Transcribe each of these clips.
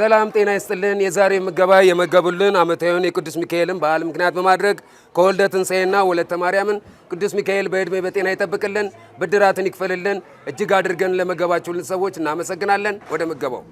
ሰላም ጤና ይስጥልን። የዛሬ ምገባ የመገቡልን ዓመታዊውን የቅዱስ ሚካኤልን በዓል ምክንያት በማድረግ ከወልደ ትንሣኤና ወለተ ማርያምን ቅዱስ ሚካኤል በዕድሜ በጤና ይጠብቅልን፣ ብድራትን ይክፈልልን። እጅግ አድርገን ለመገባችሁልን ሰዎች እናመሰግናለን። ወደ ምገባው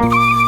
thank you